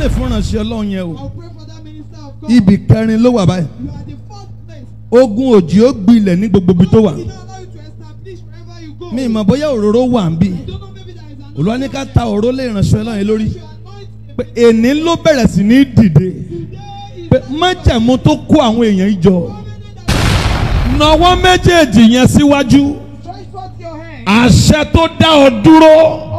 pray fún ìránṣẹ́ Ọlọ́run yẹn o. Ibì kẹrin ló wà báyìí. Ogun òjì ó gbilẹ̀ ní gbogbo ibi tó wà. Mi ìmọ̀ bóyá òróró wà ń bí. Olúwa ní ká ta òróró lé ìránṣẹ́ Ọlọ́run yẹn lórí. Pé èní ló bẹ̀rẹ̀ sí ní dìde. Pé májẹ̀mú tó kó àwọn èèyàn jọ. Nàwọ́ méjèèjì yẹn síwájú. Àṣẹ tó dá ọ dúró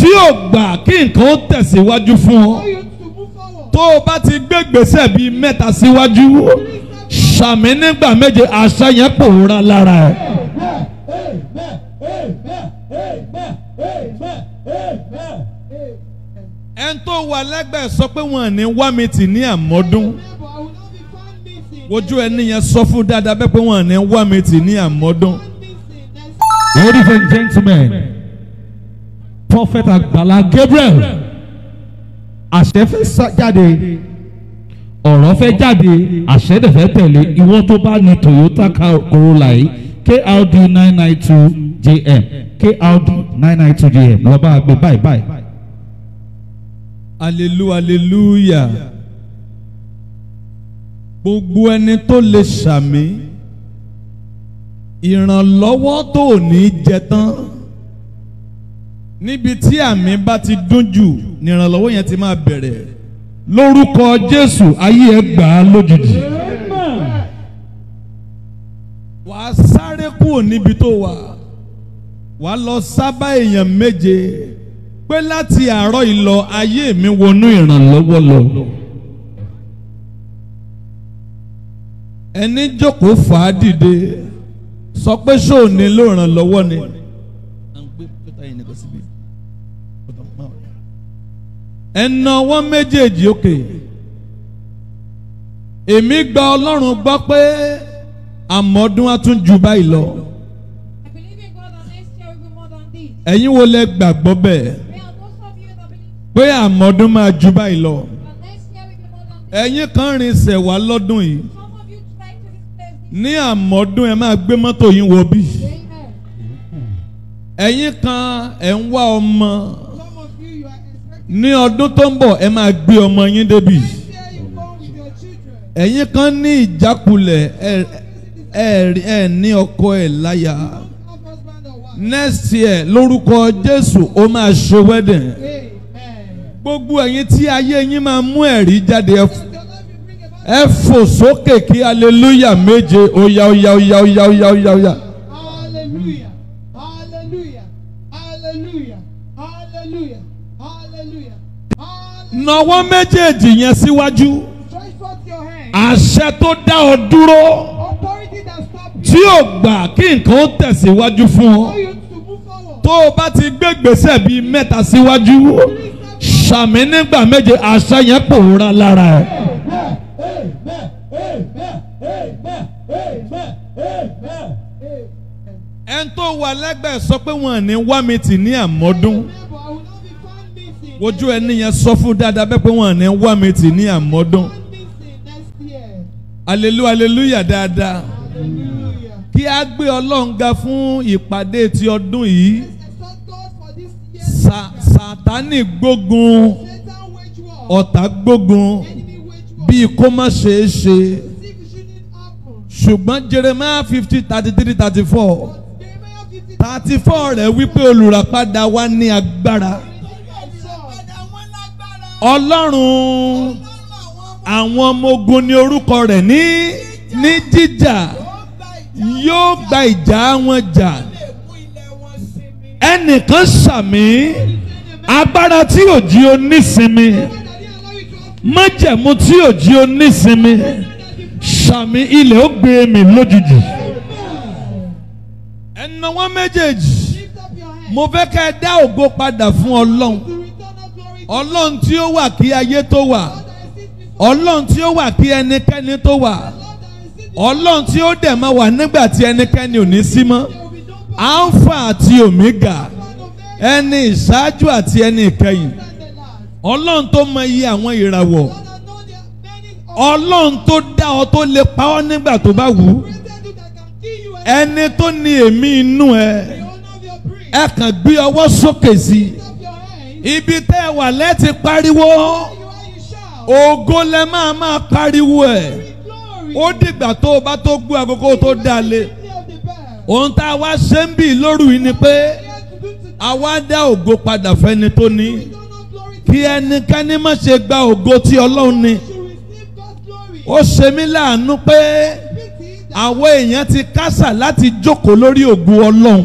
tí ò gbà kí nǹkan ó tẹ̀síwájú fún ọ tó o bá ti gbé gbèsè bíi mẹ́ta síwájú ṣàmì nígbà méje àṣà yẹn pòórá lára ẹ. ẹn tó wà lẹ́gbẹ̀ẹ́ sọ pé wọ́n ní wá mi tì ní àmọ́dún ojú ẹni yẹn sọ fún dáadáa bẹ́ẹ̀ pé wọ́n ní wá mi tì ní àmọ́dún. Ladies and gentlemen prophet àgbàlá Gabriel àṣẹ fẹ́ jáde ọ̀rọ̀ fẹ́ jáde àṣẹ dẹ̀ fẹ́ tẹ̀lé ìwọ tó bá ní Toyota Corolla yìí KLD nine nine two JM KLD nine nine two JM lọ bá a gbé báyìí báyìí. alelu aleluya gbogbo ẹni tó lè ṣàmì ìrànlọ́wọ́ tó ní jẹ tán níbi tí àmì bá ti dún jù nìrànlọ́wọ́ yẹn ti máa bẹ̀rẹ̀ lórúkọ Jésù ayé ẹ gbà á lójijì. wàá sáré kúrò níbi tó wà wàá lọ sábà èèyàn méje pé láti àárọ̀ ìlọ ayé mi wọnú ìrànlọ́wọ́ lọ. ẹni jókòó fà dìde sọ pé ṣóò ní ló ràn lọ́wọ́ ẹnà ọwọ́ méjèèjì òkè èmi gba ọlọ́run gbọ́ pé àmọ́dún á tún ju báyìí lọ ẹ̀yin wo lẹ gbàgbọ́ bẹ́ẹ̀ pé àmọ́dún máa ju báyìí lọ ẹ̀yin kan rìn sẹ̀ wá lọ́dún yìí ní àmọ́dún ẹ máa gbé mọ́tò yín wọ bí ẹ̀yin kan ẹ̀ ń wá ọmọ ní ọdún tó ń bọ̀ ẹ máa gbé ọmọ yín débi ẹ̀yin kan ní ìjákulẹ̀ ẹ ní ọkọ ẹ̀ láyà next year lórúkọ Jésù ó máa ṣe wedding gbogbo ẹ̀yin tí ayé yín máa mú ẹ̀rí jáde ẹ fò sókè kí hallelujah méje ó yá ó yá ó yá ó yá ó yá ó yá. nawọ́ méjèèjì yẹn síwájú àṣẹ tó dá ọ dúró tí ò gbà kí nǹkan ó tẹ̀síwájú fún ọ tó o bá ti gbé gbèsè bíi mẹ́ta síwájú ṣàmì nígbà méje àṣẹ yẹn pòórá lára ẹ. ẹni tó wà lẹ́gbẹ̀ẹ́ sọ pé wọ́n ní wá tì ní àmọ́dún wojú ẹni yẹn sọ fún dáadáa bẹ́ẹ̀ pé wọ́n ní wá mi tì ní àmọ́dún. aleluya aleluya dáadáa kí a gbé ọlọ́run ga fún ìpàdé ti ọdún yìí sátánì gbógun ọ̀tá gbógun bíi kó má ṣeé ṣe ṣùgbọ́n Jeremiah fifty thirty three thirty four thirty four rẹ̀ wípé olùràpadà wa ní agbára ọlọ́run àwọn ọmọ ogun ni orúkọ rẹ̀ ní ní jíjà yóò gba ìjà wọn jà ẹnìkan sàmì agbára tí ò jí o nísinmi májẹ̀mú tí ò jí o nísinmi sàmì ilẹ̀ ó gbé mi lójijì ẹnu méjèèjì mo fẹ́ ká ẹ dá ògo padà fún ọlọ́run ọlọ́run tí ó wà kí ayé tó wà ọlọ́run tí ó wà kí ẹnikẹ́ni tó wà ọlọ́run tí ó dẹ̀ máa wà nígbà tí ẹnikẹ́ni ò ní sí mọ́ alpha àti omega ẹni ìṣáájú àti ẹni ìkẹyìn ọlọ́run tó mọ iye àwọn ìràwọ̀ ọlọ́run tó dá ọ tó lè pa ọ́ nígbà tó bá wù ú ẹni tó ní èémí inú ẹ ẹ kàn gbé ọwọ́ sókè sí i ibi tẹ́ ẹ wà lẹ́ti pariwo ògo lẹ máa máa pariwo ẹ̀ ó dìgbà tó o bá tó gbé agogo tó dá lé ohun tá a wá ṣe ń bì lóru yìí ni pé a wá dá ògo padà fẹ́ni tó ní kí ẹnikẹ́ni má ṣe gba ògo tí Ọlọ́run ní ó ṣe mí láàánú pé àwọn èèyàn ti kásà láti jókòó lórí ògo Ọlọ́run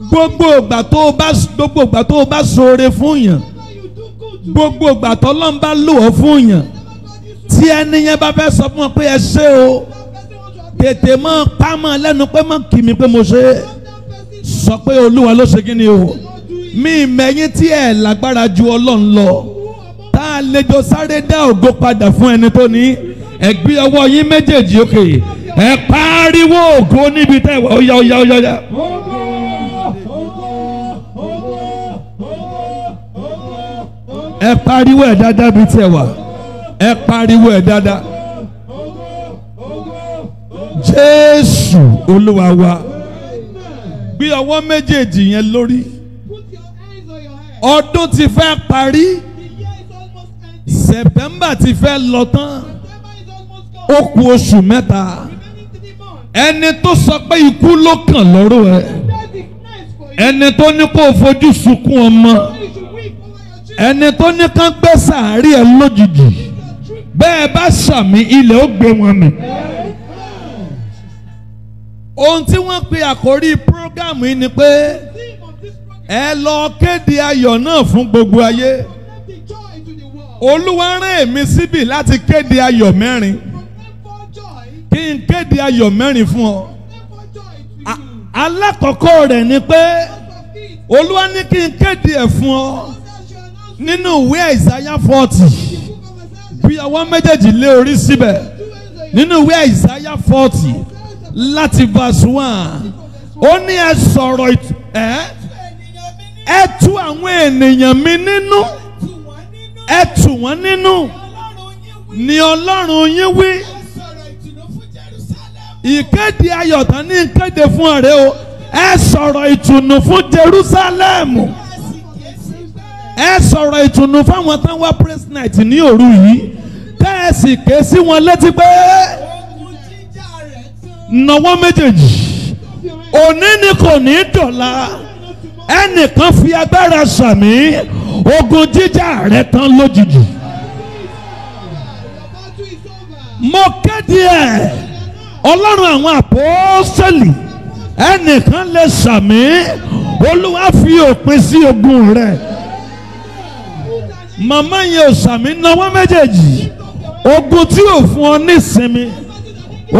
gbogbo ìgbà tó o bá gbogbo ìgbà tó o bá ṣoore fún yàn gbogbo ìgbà tó Ọlọ́run bá lò ó fún yàn tí ẹni yẹn bá fẹ́ sọ fún ọ pé ẹ ṣé o tètè mọ́ pamọ́ lẹ́nu pé mọ́ kì mí pé mo ṣe sọ pé olúwa ló ṣe kíni o mi mẹ́yìn tí ẹ̀ lágbára ju ọlọ́run lọ tá a lè jọ sáré dá ògo padà fún ẹni tó ní ẹ gbé ọwọ́ yín méjèèjì òkè ẹ pariwo ògo níbi tẹ́ ọ̀yà ọ̀yà ọ̀yà. ẹ pariwo ẹ̀ dáadáa bíi tiẹ̀ wà ẹ pariwo ẹ̀ dáadáa Jésù Olúwa wa gbé ọwọ́ méjèèjì yẹn lórí ọdún ti fẹ́ parí Sẹ̀pẹ́mbà ti fẹ́ lọ tán ó kù oṣù mẹ́ta ẹni tó sọ pé ikú ló kàn lọ́rọ̀ ẹ ẹni tó ní kó fojú sunkún ọmọ ẹni tó ní kán gbé sàárì ẹ lójijì bẹ́ẹ̀ bá sàmì ilẹ̀ ó gbé wọn mì. ohun tí wọ́n pe àkórí prógámù yìí ni pé ẹ lọ kéde ayọ̀ náà fún gbogbo ayé olúwa rán èmi síbì láti kéde ayọ̀ mẹ́rin kí n kéde ayọ̀ mẹ́rin fún ọ alákọ̀ọ́kọ́ rẹ̀ ni pé olúwa ní kí n kéde ẹ̀ fún ọ nínú ìwé àìsáyá forty bí ọwọ́ méjèèjì lé orí síbẹ̀ nínú ìwé àìsáyá forty láti verse one ó ní ẹ sọ̀rọ̀ ẹ ẹ tú àwọn ènìyàn mi nínú ẹ tù wọ́n nínú ni Ọlọ́run yín wí ìkéde ayọ̀tán ní ìkéde fún ọ̀rẹ́ o ẹ sọ̀rọ̀ ìtùnú fún Jerúsálẹ́mù ẹ sọ̀rọ̀ ìtùnú fáwọn tán wá praise night ní òru yìí tẹ́ ẹ sì ké sí wọn létí pé nàwọ́ méjèèjì òní ni kò ní dọ̀la ẹnìkan fi agbára sàmì ogun jíjà rẹ tán lójijì mo kéde ẹ ọlọ́run àwọn àpọ́sẹ̀lì ẹnìkan lè sàmì olúwa fi òpin sí ogun rẹ. Mama yẹn ò sàmì náwó méjèèjì ogun tí ò fún ọ ní ìsinmi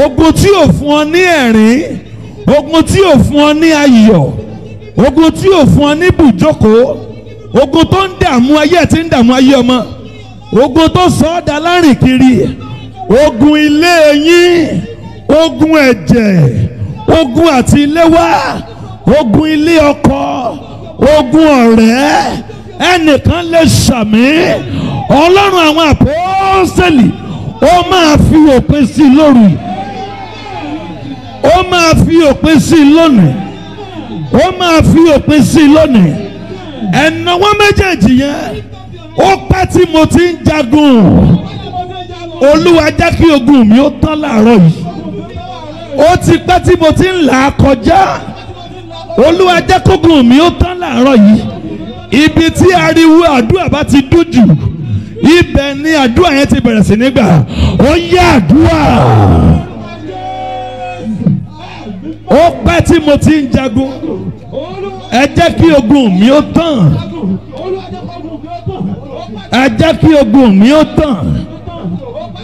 ogun tí ò fún ọ ní ẹ̀rín ogun tí ò fún ọ ní ayọ̀ ogun tí ò fún ọ ní bùjókòó ogun tó ń dààmú ayé tí ń dààmú ayé ọmọ ogun tó sọ ọ́ da lárìn kiri ogun ilé yín ogun ẹ̀jẹ̀ ogun àti ilé wá ogun ilé ọkọ ogun ọ̀rẹ́ ẹnìkan lè ṣàmì ọlọ́run àwọn àpọ́sẹ̀lì ó máa fi òpin sí i lóru ó máa fi òpin sí i lónìí ó máa fi òpin sí i lónìí ẹ̀nàwó méjèèjì yẹn ó pẹ́ tí mo ti ń jagun olúwa jẹ́ kí ogun mi ó tán láàárọ̀ yìí ó ti pẹ́ tí mo ti ń là á kọjá olúwa jẹ́ kógun mi ó tán láàárọ̀ yìí ibi tí ariwo àdúrà bá ti dùn jù ibẹ̀ ni àdúrà yẹn ti bẹ̀rẹ̀ sí nígbà ó yá àdúrà ó pẹ́ tí mo ti ń jagun ẹ jẹ́ kí ogun mi ó tàn ẹ jẹ́ kí ogun mi ó tàn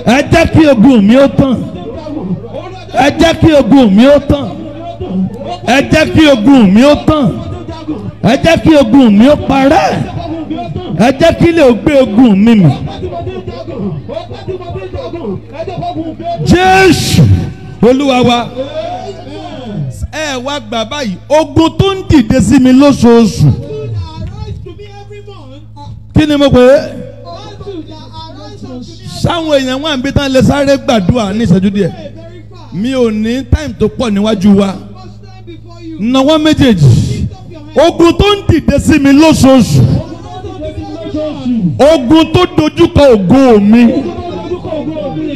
ẹ jẹ́ kí ogun mi ó tàn ẹ jẹ́ kí ogun mi ó tàn ẹ jẹ́ kí ogun mi ó tàn ẹ jẹ́ kí ogun mi ó parẹ́ ẹ jẹ́ kí lè gbé ogun mi mì Jésù Olúwa ẹ wá gbà báyìí ogun tó ń dìde sí mi lóṣooṣù kí ni mo pè é sáwọn èèyàn wà níbi tán lè sáré gbàdúrà ní ìṣẹ́jú díẹ̀ mi ò ní táìmù tó pọ̀ níwájú wa náwó méjèèjì ogun tó ń dìde sí mi lóṣooṣù ogun tó dojúkọ ògo mi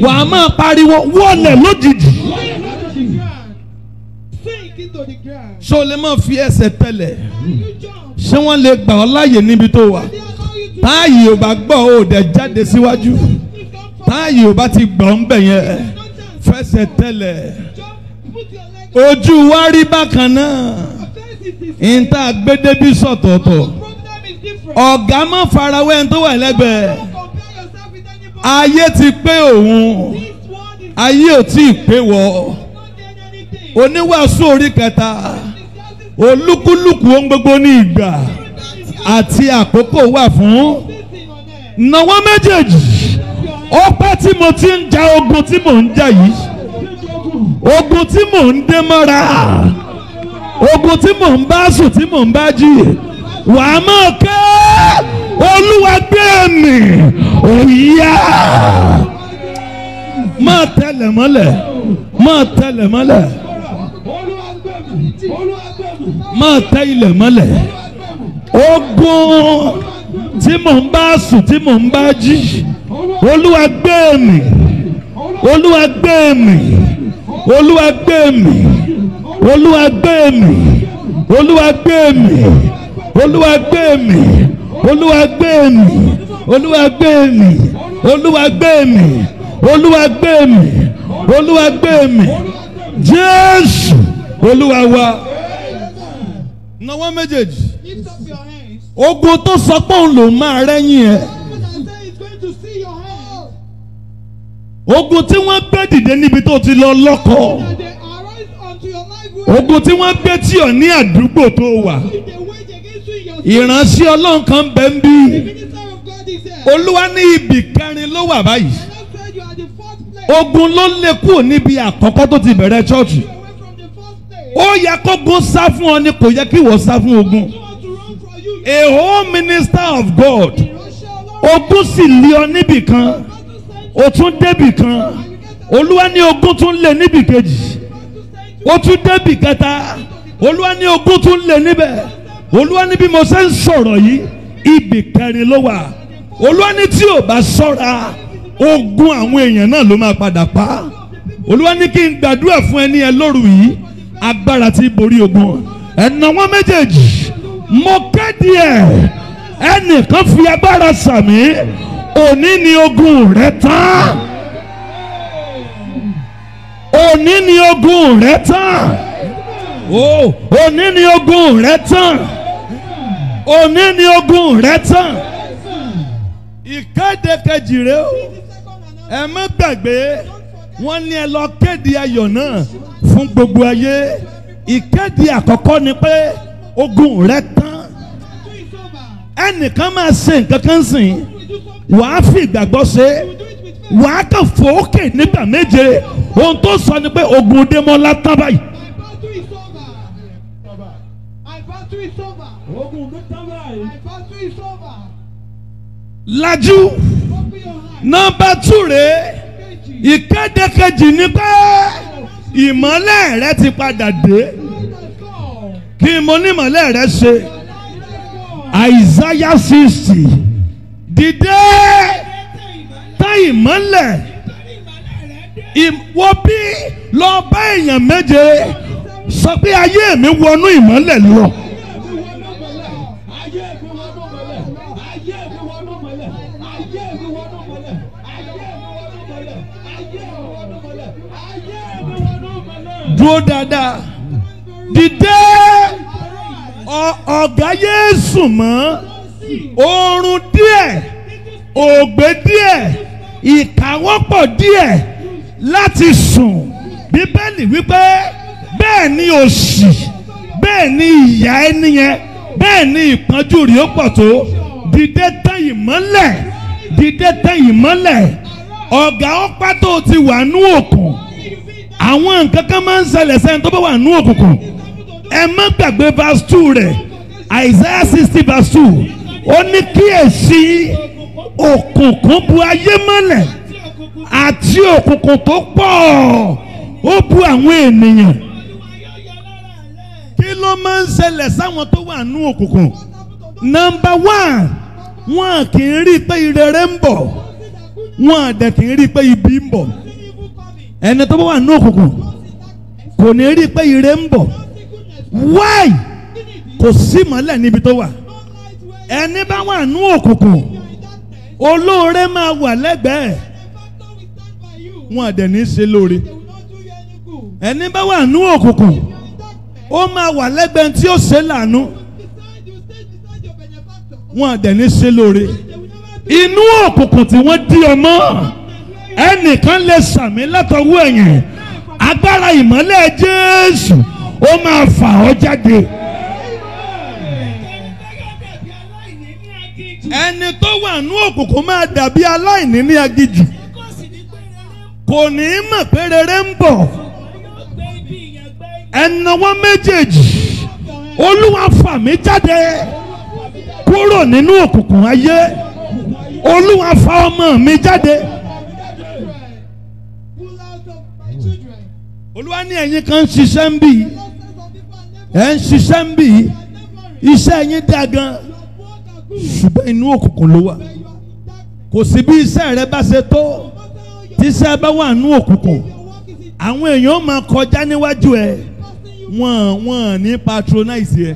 wàá máa pariwo wọlẹ̀ lójijì ṣé o lè máa fi ẹsẹ̀ tẹ̀lẹ̀ ṣé wọ́n lè gbà ọ́ láàyè níbi tó wà táàyè ò bá gbọ́ ò dẹ̀ jáde síwájú táàyè ò bá ti gbọ́ ń bẹ̀ yẹn fẹsẹ̀ tẹ̀lẹ̀ ojú wa rí bákan náà ìta gbẹdẹbí sọ̀tọ̀ọ̀tọ̀ ọ̀gá má farawé ẹni tó wà lẹ́gbẹ̀ẹ́ ayé ti pé òun ayé ò tí ì pé wọ oníwàásù orí kẹta olúkúlùkù ohun gbogbo ní ìgbà àti àkókò wà fún nàwọn méjèèjì ó pẹ́ tí mo ti ń ja ogun tí mò ń jà yìí ogun tí mò ń dé mọ́ra ogun tí mò ń bá sùn tí mò ń bá jí wàá mọ̀ ké olúwa gbé mi òyà má tẹlẹ̀ mọ́lẹ̀ má tẹlẹ̀ mọ́lẹ̀ má tẹ ilẹ̀ mọ́lẹ̀ ogun tí mò ń bá sùn tí mò ń bá jí olúwa gbé mi olúwa gbé mi olúwa gbé mi olúwa gbé mi olúwa gbé mi olúwa gbé mi olúwa gbé mi olúwa gbé mi olúwa gbé mi olúwa gbé mi olúwa gbé mi jésù olúwa wa. nawọ́ méjèèjì ogun tó sọ pé òun lòún máa rẹ́yìn ẹ̀ ogun tí wọ́n bẹ́ dìde níbi tó ti lọ lọ́kọ̀ọ́ ogun tí wọ́n gbé tí ò ní àdúgbò tó wà ìránṣẹ́ ọlọ́run kan bẹ́ ń bí olúwa ní ibì kẹrin ló wà báyìí ogun ló lè kúrò níbi àkọ́kọ́ tó ti bẹ̀rẹ̀ ṣọ́ọ̀ṣì ó yẹ kógun sá fún ọ ni kò yẹ kí wọ́n sá fún ogun a whole minister of God ogun sì lé ọ níbì kan ó tún débì kan olúwa ní ogun tún lé níbì ó tún débì kẹta olúwa ní ogún tún lè níbẹ̀ olúwa ní bí mo ṣe ń sọ̀rọ̀ yìí ibì kẹrin ló wà olúwa ní tí ò bá sọ́ra ogún àwọn èèyàn náà ló máa padà pa olúwa ní kí n gbàdúrà fún ẹni ẹ lóru yìí agbára tí borí ogun ẹ̀nà wọn méjèèjì mo kéde ẹ̀ ẹnìkan fi agbára sàmì òní ni ogun rẹ tán òní ni ogun rẹ tán òní ni ogun rẹ tán òní ni ogun rẹ tán ìkéde kejì rèé o ẹ má gbàgbé wọ́n ní ẹ lọ kéde ayọ̀ náà fún gbogbo ayé ìkéde àkọ́kọ́ ni pé ogun rẹ tán ẹnìkan máa ṣe nǹkan kan sìn wàá fi ìgbàgbọ́ ṣe wàá kàn fòókè nígbà méje ohun tó sọ ni pé ogun demola tán báyìí. lajú nọ́mbà tù rèé ìkéde kejì ni pé ìmọ́lẹ̀ rẹ ti padà dé kí mo ní ìmọ́lẹ̀ rẹ ṣe Isaiah sixty dìde ta ìmọ́lẹ̀ wo bí lọ bá èèyàn méje sọ pé ayé mi wọnú ìmọ́lẹ̀ lọ. dúró dáadáa dìde ọ̀gá yéésù mọ́ oorun díẹ̀ ògbé díẹ̀ ìkáwọ́pọ̀ díẹ̀ láti sùn bíbélì wípé bẹ́ẹ̀ ni òṣì bẹ́ẹ̀ ni ìyà ẹni yẹn bẹ́ẹ̀ ni ìpọ́njú rí ó pọ̀ tó dìde tán ìmọ́lẹ̀ dìde tán ìmọ́lẹ̀ ọ̀gá ọ̀pá tó ti wà nú òkun àwọn nǹkan kan máa ń ṣẹlẹ̀ sẹ́yìn tó bá wà nú òkùnkùn ẹ má gbàgbé verse two rẹ̀ Isaiah sixty verse two ó ní kíyèsí òkùnkùn bu ayé mọ́lẹ̀ àti òkùnkùn tó pọ̀ ó bu àwọn ènìyàn kí ló máa ń ṣẹlẹ̀ sáwọn tó wà nú òkùnkùn nọ́mbà one wọn kì í rí i pé ìrere ń bọ̀ wọn dẹ̀ kì í rí i pé ibi ń bọ̀ ẹni tó wà nú òkùnkùn kò ní rí i pé ire ń bọ̀ wáì kò sí mọ́lẹ̀ níbi tó wà ẹni bá wà nú òkùnkùn olóore máa wà lẹ́gbẹ̀ẹ́ wọn àdẹ̀ ní í ṣe lóore ẹni bá wà nú òkùnkùn ó máa wà lẹ́gbẹ̀ẹ́ tí ó ṣe lànú wọn àdẹ̀ ní í ṣe lóore inú òkùnkùn tí wọ́n dí ọmọ ẹnìkan lè sàmì látọwọ́ ẹ̀yìn agbára ìmọ́lẹ̀ Jésù ó máa fà ọ́ jáde. ẹni tó wà nú òkùnkùn máa dàbí aláìní ní aginjù kò ní í mọ̀ pé rere ń bọ̀ ẹnáwó méjèèjì olúwa fà mí jáde kúrò nínú òkùnkùn ayé olúwa fà ọmọ mi jáde. olúwa ní ẹ̀yin kan ń ṣiṣẹ́ ń bì ẹ̀ ń ṣiṣẹ́ ń bì iṣẹ́ yín dá gan ṣùgbọ́n inú òkùnkùn ló wà kò sí bí iṣẹ́ rẹ bá ṣe tó tí iṣẹ́ bá wà nú òkùnkùn àwọn èèyàn máa kọjá níwájú ẹ wọ́n wọ́n ní patronize ẹ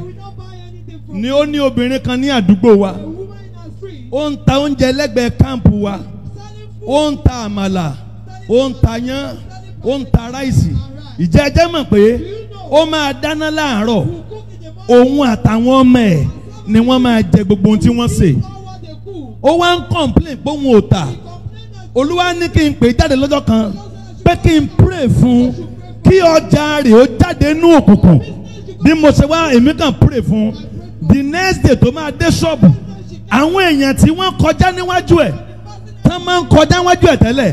ni ó ní obìnrin kan ní àdúgbò wa ó ń ta oúnjẹ lẹ́gbẹ̀ẹ́ káàmpù wa ó ń ta àmàlà ó ń ta yán ó ń ta ráìsì ìjẹ́jẹ́ mọ̀ pé ó máa dáná láàárọ̀ òun àtàwọn ọmọ ẹ̀ ni wọ́n máa jẹ gbogbo ohun tí wọ́n sè ó wá ń complain pé òun ò tà olúwa ní kí n pè jáde lọ́jọ́ kan pé kí n pray fún kí ọjà rẹ̀ ó jáde nú òkùnkùn bí mo ṣe wá èmi kàn pray fún the next day tó máa dé ṣọ́ọ̀bù àwọn èèyàn tí wọ́n kọjá níwájú ẹ̀ tán máa ń kọjá níwájú ẹ̀ tẹ́lẹ̀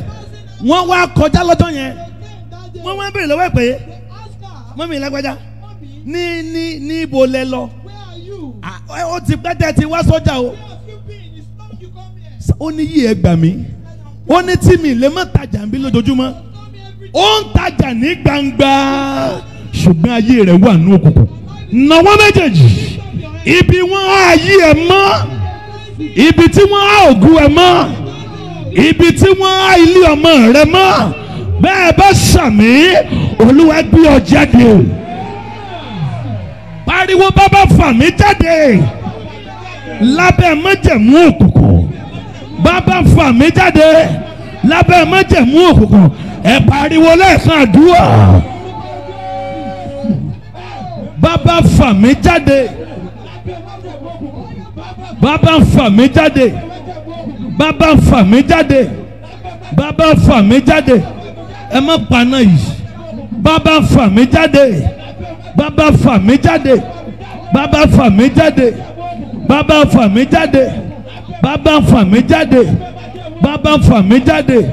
wọ́n wá kọjá lọ́jọ́ yẹn wọ́n wá béèrè lọ́wọ́ ẹ̀ pé mọ́mí lágbájá ní ní ní ibo lẹ lọ Ah, ó ti pẹ́ tẹ́ ti wá sọ́jà o ó ní yí ẹ gbà mí ó ní tí mi lè má tajà ń bí lójoojúmọ́ ó ń tajà ní gbangba ṣùgbọ́n ayé rẹ̀ wà ní òkùnkùn nàwọ́ méjèèjì ibi wọ́n á yí ẹ mọ́ ibi tí wọ́n á ògùn ẹ mọ́ ibi tí wọ́n á ilé ọmọ rẹ mọ́ bẹ́ẹ̀ bá ṣàmì olúwa gbé ọ jáde o pariwo bàbá fà mí jáde lábẹ́ májẹ̀mú òkùnkùn bàbá fà mí jáde lábẹ́ májẹ̀mú òkùnkùn ẹ pariwo lẹ́ẹ̀kan àdúrà bàbá fà mí jáde bàbá fà mí jáde bàbá fà mí jáde bàbá fà mí jáde ẹ má paná yìí bàbá fà mí jáde bàbá fà mí jáde bàbá fà mí jáde bàbá fà mí jáde bàbá fà mí jáde bàbá fà mí jáde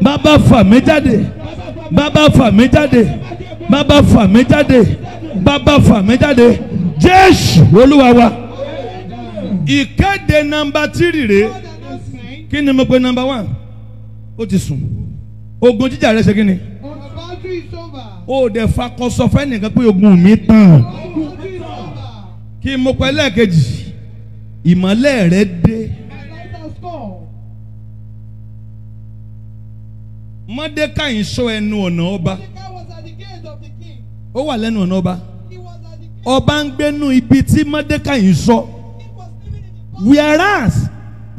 bàbá fà mí jáde bàbá fà mí jáde bàbá fà mí jáde bàbá fà mí jáde jésù olúwa wa ìkéde nàmbà tírì rèé kí ni mo pe nàmbà wán ó ti sùn ogun jíjà rẹ ṣe kí ni ó dẹ̀ fakọsọ fẹ́nìkan pé ogun mi tán kí mo pẹ́ lẹ́ẹ̀kejì ìmọ́lẹ̀ rẹ dé. Mọ́dékàì sọ ẹnu ọ̀nà ọba ó wà lẹ́nu ọ̀nà ọba ọba ń gbénu ibi tí Mọ́dékàì sọ whereas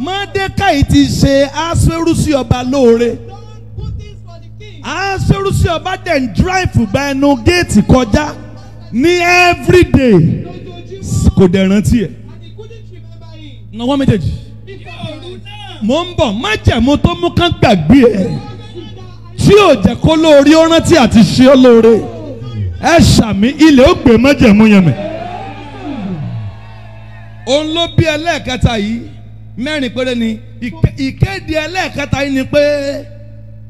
Mọ́dékàì ti ṣe aṣerú sí ọba lóore aserusi ọba dẹ̀ ń drive gba ẹnu géètì kọjá ní everyday kò dẹ̀ rántí ẹ̀ nọwọ́ méjèèjì mo ń bọ̀ májẹ̀mú tó mú kán gbàgbé ẹ̀ tí ò jẹ́ kó lóore ó rántí àti ṣe ó lóore ẹ ṣàmì ilé ó gbé májẹ̀mú yẹn mẹ́. òun ló bí ẹlẹ́ẹ̀kẹta yìí mẹ́rin péré ni ìkéde ẹlẹ́ẹ̀kẹta yìí ni pé. Pe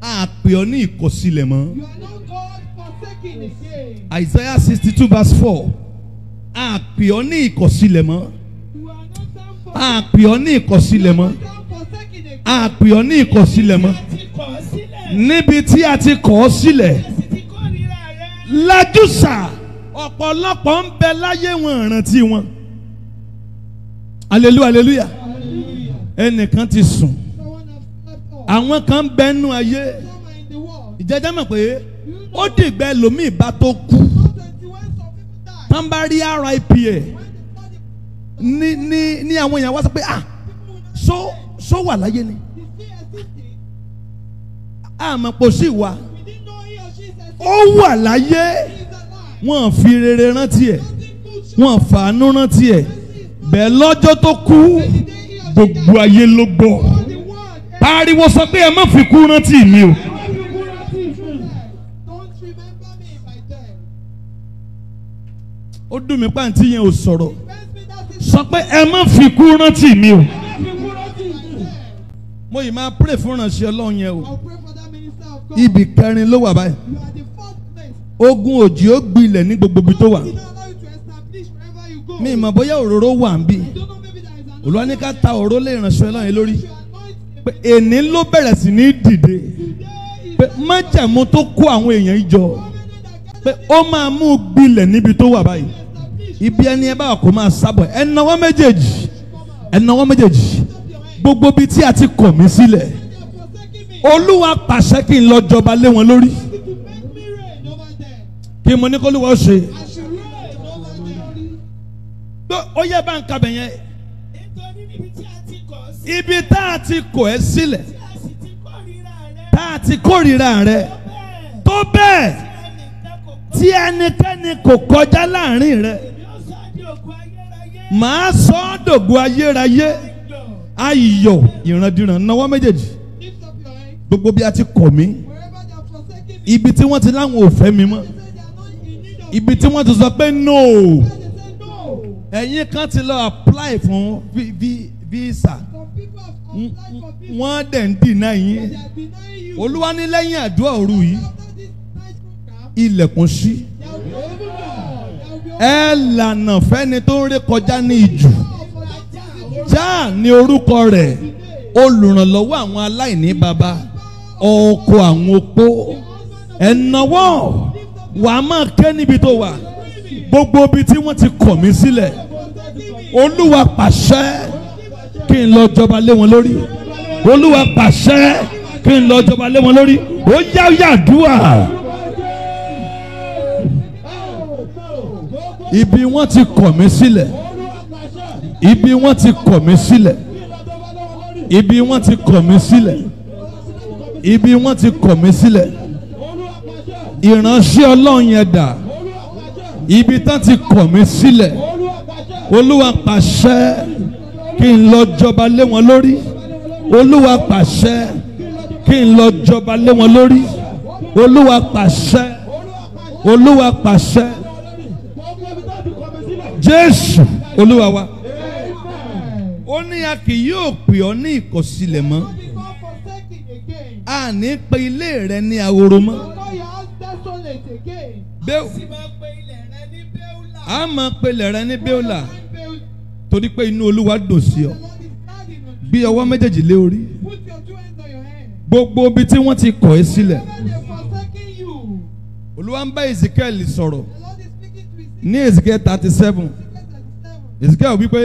a pè ọ́ ní ìkọ̀sílẹ̀ mọ́. Isaiah sixty two verse four a pè ọ́ ní ìkọ̀sílẹ̀ mọ́. a pè ọ́ ní ìkọ̀sílẹ̀ mọ́. a pè ọ́ ní ìkọ̀sílẹ̀ mọ́. níbi tí a ti kọ̀ ọ́ sílẹ̀. lajú sà ọ̀pọ̀lọpọ̀ ń bẹ láyé wọn ìrántí wọn. hallelujah hallelujah ẹnìkan ti sùn àwọn kan bẹnu ayé ìjẹjẹ mọ̀ pé ó dìgbẹ́ lómi ìbá tó kú tán bá rí ripa ní ní ní àwọn èèyàn wá sọ pé ah so so wà láyé ni àmọ́ kò sí wa ó wà láyé wọ́n fi rere rántí ẹ̀ wọ́n fàánú rántí ẹ̀ bẹ́ẹ̀ lọ́jọ́ tó kú gbogbo ayé ló gbọ́ pariwo sọ pé ẹ má fi kú rántí mi o. ó dùn mí pàǹtí yẹn ò sọ̀rọ̀ sọ pé ẹ má fi kú rántí mi o. mo yìí máa pray fún ìrànṣẹ́ ọlọ́run yẹn o ibì kẹrin ló wà báyìí ogun òjì ó gbilẹ̀ ní gbogbo ibi tó wà mi ìmọ̀ bóyá òróró wà ń bí olúwa ní ká ta òróró lè ránṣẹ́ ọlọ́run yẹn lórí pé èní ló bẹ̀rẹ̀ sí ní dìde pé májẹ̀mú tó kó àwọn èèyàn jọ pé ó máa mú gbilẹ̀ níbi tó wà báyìí ibi ẹni ẹ bá kó máa sábọ̀ ẹ nawọ́ méjèèjì ẹ nawọ́ méjèèjì gbogbo bíi tí a ti kọ̀ mí sílẹ̀ olúwa pàṣẹ kí n lọ jọba lé wọn lórí kí mo ní kó lúwọ́ ṣe ó yẹ bá ń kabẹ̀ yẹn ibi tá a ti kọ̀ ẹ́ sílẹ̀ tá a ti kórìíra rẹ tó bẹ́ẹ̀ tí ẹnikẹ́ni kò kọjá láàrin rẹ màá sọ ọ́ dògbò ayérayé ayọ̀ ìrandíran náwó méjèèjì gbogbo bí a ti kọ̀ mí ibi tí wọ́n ti láwọn ò fẹ́ mi mọ́ ibi tí wọ́n ti sọ pé no ẹ̀yin kan ti lọ apply fún v visa wọ́n dẹ̀ ń dìnnà yín olúwa ní lẹ́yìn àdúrà òru yìí ilẹ̀kùn sí ẹ lànà fẹ́ni tó ń rékọjá ní ìjù Jà ní orúkọ rẹ̀ olùrànlọ́wọ́ àwọn aláìní baba ọkọ àwọn opó ẹ̀nàwọ́ wàá máa ké níbi tó wà gbogbo ibi tí wọ́n ti kọ̀ mí sílẹ̀ olúwa pàṣẹ kí n lọ jọba lé wọn lórí olúwa pàṣẹ kí n lọ jọba lé wọn lórí ó yá yàdúà ibi wọ́n ti kọ̀ mí sílẹ̀ ibi wọ́n ti kọ̀ mí sílẹ̀ ibi wọ́n ti kọ̀ mí sílẹ̀ ibi wọ́n ti kọ̀ mí sílẹ̀ ìránṣẹ́ ọlọ́run yẹn dà ibi tán ti kọ̀ mí sílẹ̀ olúwa pàṣẹ kí n lọ jọba lé wọn lórí olúwa pàṣẹ kí n lọ jọba lé wọn lórí olúwa pàṣẹ olúwa pàṣẹ jésù olúwa wa ó ní a kì yóò pè ọ́ ní ìkọ̀sílẹ̀ mọ́ a ní pe ilé rẹ ní ahoro mọ́ bẹ́ẹ̀ a máa pe ilẹ̀ rẹ ní bẹ́ẹ̀ la torí pé inú olúwa dùn sí ọ gbé ọwọ́ méjèèjì lé orí gbogbo ibi tí wọ́n ti kọ̀ ẹ́ sílẹ̀ olúwa ń bá ezekiel sọ̀rọ̀ ní ezekiel thirty seven ezekiel wípé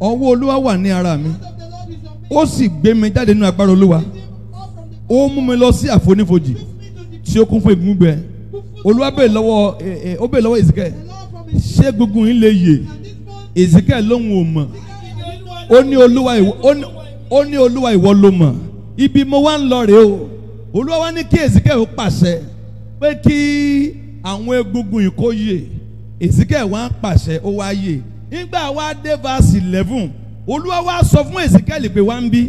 ọwọ́ olúwa wà ní ara mi ó sì gbé mi jáde nínú agbára olúwa ó mú mi lọ sí àfonífojì tí ó kún fún ìgbúngbẹ olúwa bèè lọ́wọ́ eh, eh, ó bèè lọ́wọ́ ezekiel ṣé gbogbo yín lè yè. Ezekiel lóhùn ò mọ̀ ó ní olúwa ìwọ ó ní olúwa ìwọ ló mọ̀ ibi mo wá ń lọ rèé o olúwa wá ní kí Ezekiel ó pàṣẹ pé kí àwọn egungun ìkóyè Ezekiel wá ń pàṣẹ ó wá yè nígbà wá dé verse eleven olúwa wá sọ fún Ezekiel pé wá ń bí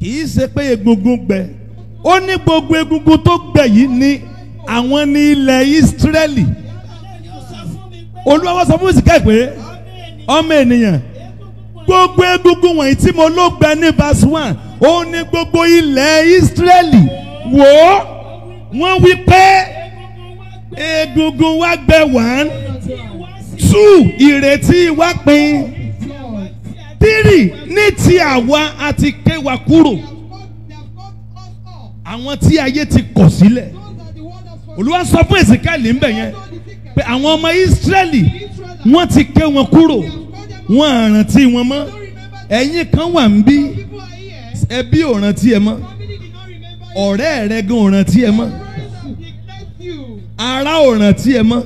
kì í ṣe pé egungun gbẹ ó ní gbogbo egungun tó gbẹ yìí ní àwọn ní ilẹ̀ Ísírẹ́lì olúwa wá sọ fún Ezekiel pé ọmọ ènìyàn gbogbo egungun wọ̀nyí tí mo ló gbẹ ní verse one ó ní gbogbo ilẹ̀ Ísírẹ́lì wò ó wọ́n wí pé egungun wa gbẹ one two ìrètí wa pin three ní ti àwa àti kéwà kúrò àwọn tí ayé ti kọ̀ sílẹ̀ Olúwa sọ fún Èsìkáìlì ń bẹ̀ yẹn pé àwọn ọmọ Ísírẹ́lì wọ́n ti ké wọn kúrò wọ́n àrántí wọn mọ́ ẹ̀yin kan wà ń bí ẹbí ò rántí ẹ mọ́ ọ̀rẹ́ rẹ gan ò rántí ẹ mọ́ ará ò rántí ẹ mọ́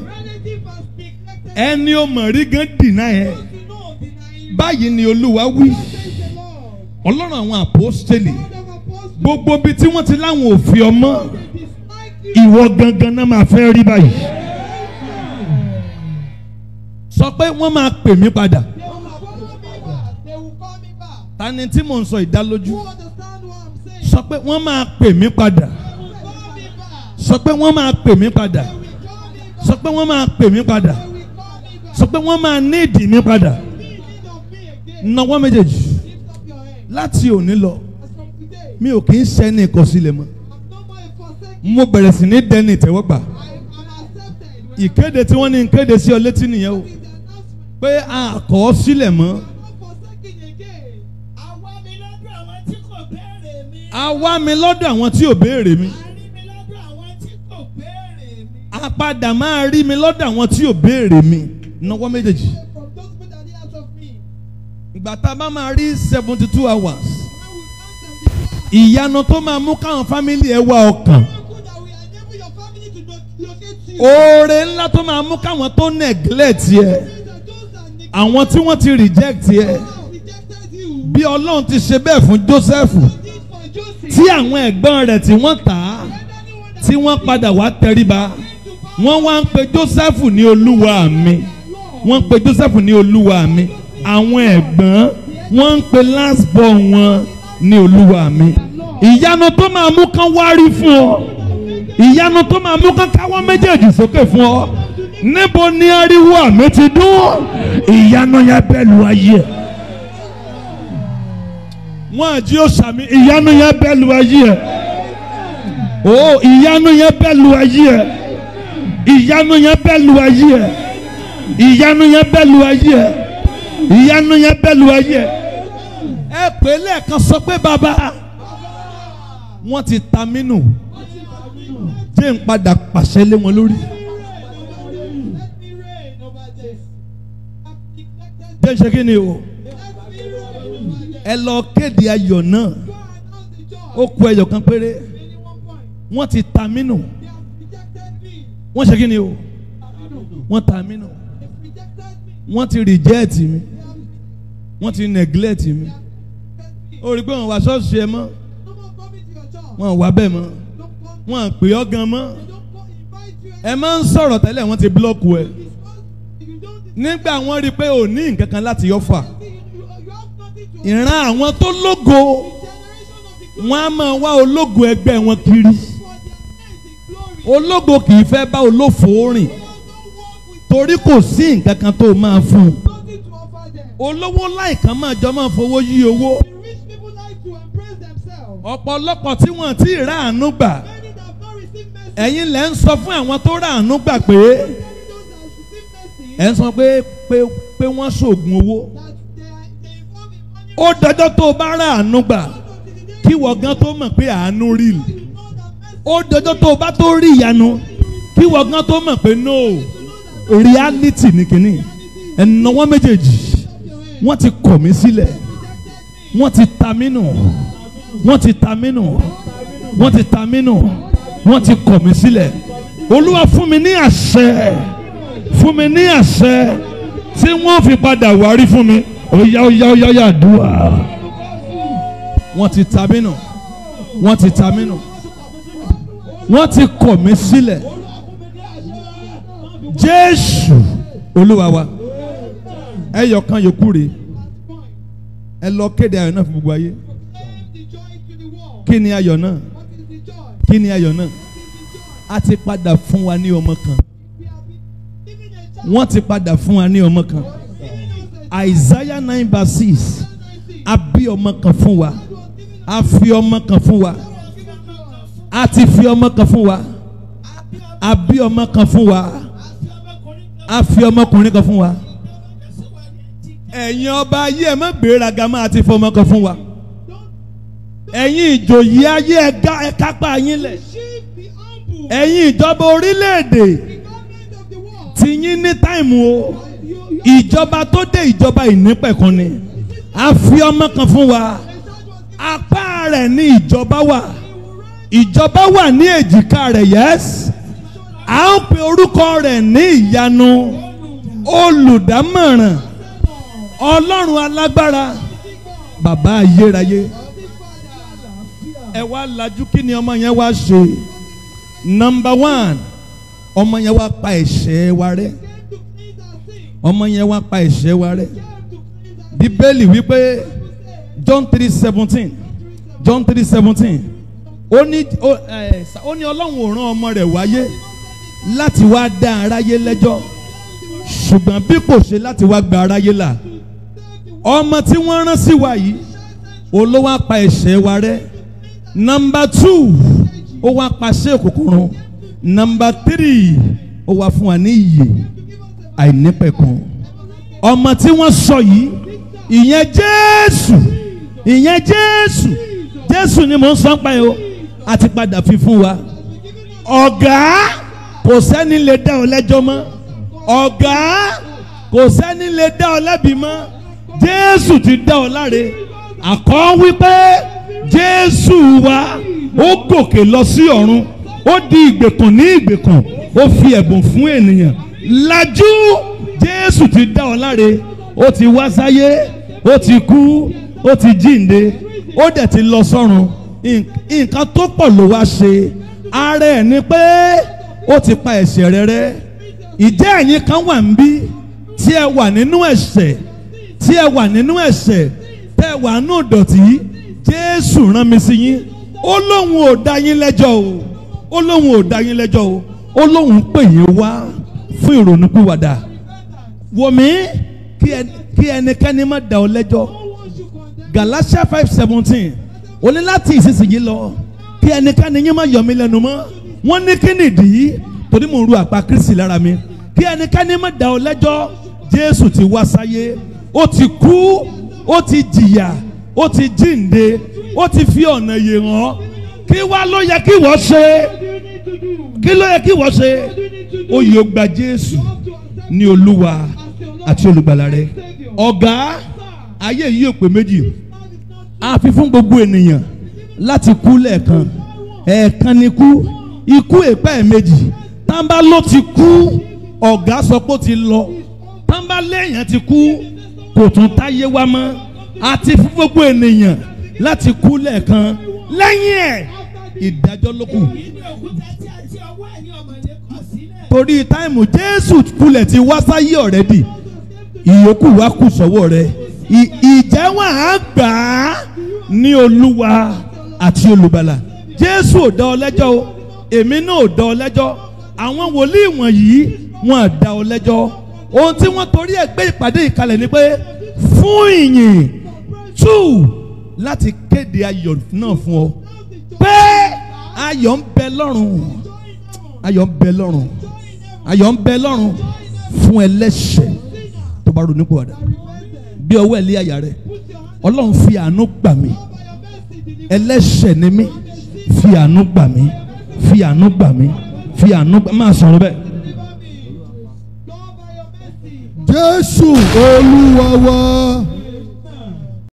ẹni o mọ̀ rí gan dìnnà ẹ báyìí ni olúwa wí ọlọ́run àwọn àpọ́stélì gbogbo bíi tí wọ́n ti láwọn òfin ọmọ ìwọ gangan náà máa fẹ́ rí báyìí sọ pé wọ́n máa pè mí padà. ta ni tí mò ń sọ ìdálójú sọ pé wọ́n máa pè mí padà sọ pé wọ́n máa pè mí padà sọ pé wọ́n máa pè mí padà sọ pé wọ́n máa ní ìdí mi padà nawọ́ méjèèjì láti òní lọ mi ò kì í ṣẹ́ni ìkọsílẹ̀ mọ́ mo bẹ̀rẹ̀ sí ní dẹni ìtẹ́wọ́gbà ìkéde tí wọ́n ní ń kéde sí ọ létí nìyẹn o pé a kọ́ sílẹ̀ mọ́. a wá mi lọ́dọ̀ àwọn tí ò béèrè mi. a padà máa rí mi lọ́dọ̀ àwọn tí ò béèrè mi. nawọ́ méjèèjì. ìgbà tá a bá máa rí seventy two hours. ìyanu tó máa mú káwọn fámìlì ẹ wá ọkàn oore ńlá tó máa mú káwọn tó neglect yẹ àwọn tí wọ́n ti reject ẹ bí ọlọ́run ti ṣe bẹ́ẹ̀ fún Joseph tí àwọn ẹ̀gbọ́n rẹ̀ tí wọ́n tà á tí wọ́n padà wá tẹríba wọ́n wá ń pe Joseph ní olúwa mi wọ́n ń pe Joseph ní olúwa mi àwọn ẹ̀gbọ́n wọ́n ń pe last born wọn ní olúwa mi ìyanu tó máa mú kán wárí fún ọ ìyanu tó máa mú kán káwọ́ méjèèjì sókè fún ọ níbo ni ariwo àmì ti dún ìyanu yẹn bẹ́ẹ̀ lu ayé ẹ̀ wọn àti yóò sàmì ìyanu yẹn bẹ́ẹ̀ lu ayé ẹ̀ o ìyanu yẹn bẹ́ẹ̀ lu ayé ẹ̀ ìyanu yẹn bẹ́ẹ̀ lu ayé ẹ̀ ìyanu yẹn bẹ́ẹ̀ lu ayé ẹ̀ ìyanu yẹn bẹ́ẹ̀ lu ayé ẹ̀ ẹ pè lẹ́ẹ̀kan sọ pé bàbá wọ́n ti ta mí nù jẹ́ n padà pàṣẹ lé wọn lórí. jẹ́ ṣe kí ni o ẹ lọ kéde ayọ̀ náà ó kù ẹyọ̀ kan péré wọ́n ti ta mí wọ́n ṣe kí ni o wọ́n ta mí wọ́n ti reject mi wọ́n ti neglect mi ó rí i pé wọ́n wá ṣọ́ọ̀ṣì ẹ mọ́ wọ́n wá bẹ́ẹ̀ mọ́ wọ́n pè ọ́ gan mọ́ ẹ máa ń sọ̀rọ̀ tẹ́lẹ̀ wọ́n ti blọ́ọ̀kù ẹ nígbà wọ́n rí i pé ò ní nǹkan kan láti yọfà ìran àwọn tó lógo wọ́n á máa wá ológo ẹgbẹ́ wọn kiri ológo kì í fẹ́ bá olófò rìn torí kò sí nǹkan kan tó máa fún un olówó láìkan máa jọ máa fowó yí owó ọ̀pọ̀lọpọ̀ tí wọ́n ti rà àánú gbà ẹ̀yin lẹ́ ń sọ fún àwọn tó rà gbà pé ẹ sọ pé pé pé wọ́n ṣoògùn owó ó dọjọ́ tó o bá rà àánú gbà kí wọ́n gan tó mọ̀ pé àánú rí i ó dọjọ́ tó o bá tó rí ìyanu kí wọ́n gan tó mọ̀ pé no reality ni kìíní ẹ̀nàwọ́ méjèèjì wọ́n ti kọ̀ mí sílẹ̀ wọ́n ti ta mí nù wọ́n ti ta mí nù wọ́n ti ta mí nù wọ́n ti kọ̀ mí sílẹ̀ olúwa fún mi ní àṣẹ fún mi ní àṣẹ tí wọ́n fi padà wárí fún mi ọ̀yá ọ̀yá ọ̀yá ọ̀yá àdúrà. wọ́n ti ta mí nù wọ́n ti ta mí nù wọ́n ti kọ̀ mí sílẹ̀ Jésù Olúwa wa ẹyọ kan yòókù rèé ẹ lọ kéde ayọ̀ náà fún gbogbo ayé kí ni ayọ̀ náà kí ni ayọ̀ náà a ti padà fún wa ní ọmọ kan wọ́n ti padà fún wa ní ọmọ kan Isaiah nine verse six a bí ọmọ kan fún wa a fi ọmọ kan fún wa a ti fi ọmọ kan fún wa a bí ọmọ kan fún wa a fi ọmọkùnrin kan fún wa ẹ̀yin ọba ayé ẹ̀ má gbéraga máa ti fọmọ kan fún wa ẹ̀yin ìjòyè ayé ẹ̀ kápá yín lẹ̀ ẹ̀yin ìjọba orílẹ̀-èdè ti yín ní táìmù o ìjọba tó dé ìjọba ìnípẹ̀kun ni a fi ọmọ kan fún wa apá rẹ̀ ní ìjọba wà ìjọba wà ní èjìká rẹ̀ yes à ń pe orúkọ rẹ̀ ní ìyanu olùdámọ̀ràn ọlọ́run alágbára bàbá ayérayé ẹ wá lajú kí ni ọmọ yẹn wá ṣe number one ọmọ yẹn wá pa ẹ̀ṣẹ̀ wa rẹ́ ọmọ yẹn wá pa ẹ̀ṣẹ̀ wa rẹ́ bíbélì wípé John three seventeen John three seventeen ó ní ó ní ọlọ́run ò rán ọmọ rẹ̀ wáyé láti wá dá aráyé lẹ́jọ́ ṣùgbọ́n bí kò ṣe láti wá gba aráyé là ọmọ tí wọ́n rán sí wa yìí olówó apá ẹ̀ṣẹ̀ wa rẹ́ nọ́mbà two ó wá pa ṣé òkùnkùn Number three, ó wá fún wa ní Iye àìnípẹ̀kun ọmọ tí wọ́n sọ yìí ìyẹn jésù ìyẹn jésù jésù ni mò ń sọ pa yìí o àti padà fi fún wa ọ̀gá kò sẹ́ni lè dá ọ lẹ́jọ́ mọ́ ọ̀gá kò sẹ́ni lè dá ọ lẹ́bi mọ́ jésù ti dá ọ láre àkọ́ wípé jésù wa ó gòkè lọ sí ọ̀run ó di ìgbèkùn ní ìgbèkùn ó fi ẹ̀bùn fún ènìyàn lajú jésù ti dá ọ láre ó ti wá sáyé ó ti kú ó ti jíǹde ó dẹ̀ ti lọ sọ́run nǹkan tó pọ̀ ló wá ṣe ara ẹ̀ ni pé ó ti pa ẹ̀ṣẹ̀ rẹ rẹ́ ìjẹ́ ẹ̀yin kan wà ń bí tí ẹ wà nínú ẹ̀ṣẹ̀ tí ẹ wà nínú ẹ̀ṣẹ̀ tẹ́ wà nínú ìdọ̀tí jésù rán mi sí yín ó lóun ò dá yín lẹ́jọ́ o ó lóun ò dá yín lẹ́jọ́ o ó lóun pè yín wá fún ìrònúpìwàdà wọ̀mí kí ẹnikẹ́ni má dá ọ lẹ́jọ́ Galatia five seventeen ó ní láti ìsinsìnyí lọ kí ẹnikẹ́ni yín má yọ̀ mí lẹ́nu mọ́ wọ́n ní kí nìdí torí mò ń ru àpá Kristi lára mi kí ẹnikẹ́ni má dá ọ lẹ́jọ́ Jésù ti wá sáyé ó ti kú ó ti jìyà ó ti jíǹde ó ti fi ọ̀nà yè hàn kí wá ló yẹ kí wọ́n ṣe kí ló yẹ kí wọ́n ṣe ó yọ gba Jésù ní Olúwa àti olùgbàlà rẹ ọ̀gá ayé yìí ò pé méjì àfi fún gbogbo ènìyàn láti kú lẹ́ẹ̀kan ẹ̀ẹ̀kan ni kú ikú èpá méjì tánbá ló ti kú ọ̀gá sọ pé ó ti lọ tánbá lẹ́yìn ti kú kò tún táyé wá mọ́ àti fún gbogbo ènìyàn láti kú lẹ́ẹ̀kan lẹ́yìn ẹ̀ ìdájọ́ ló kù. torí táìmù jésù kulẹ̀ ti wá sáyé ọ̀rẹ́dì ìyókù wá kù sọ́wọ́ rẹ ìjẹ́ wọn á gbà á ní olúwa àti olùbàlà jésù ò dá ọ lẹ́jọ́ o èmi náà ò dá ọ lẹ́jọ́ àwọn wòlíì wọ̀nyí wọn à dá ọ lẹ́jọ́ ohun tí wọ́n torí ẹ̀ gbé ìpàdé ìkalẹ̀ ni pé fún ìyìn two láti kéde ayọ̀ náà fún ọ pé ayọ̀ ń bẹ lọ́rùn ayọ̀ ń bẹ lọ́rùn ayọ̀ ń bẹ lọ́rùn fún ẹlẹ́ṣẹ̀ tó bá ronú pọ̀dà bí ọwọ́ ẹ̀ àyà rẹ̀ ọlọ́run fi àánú gbà mí ẹlẹ́ṣẹ̀ ni mí fi àánú gbà mí fi àánú gbà mí fi àánú gbà máa sọ̀rọ̀ bẹ́ẹ̀. Jésù Olúwa wa.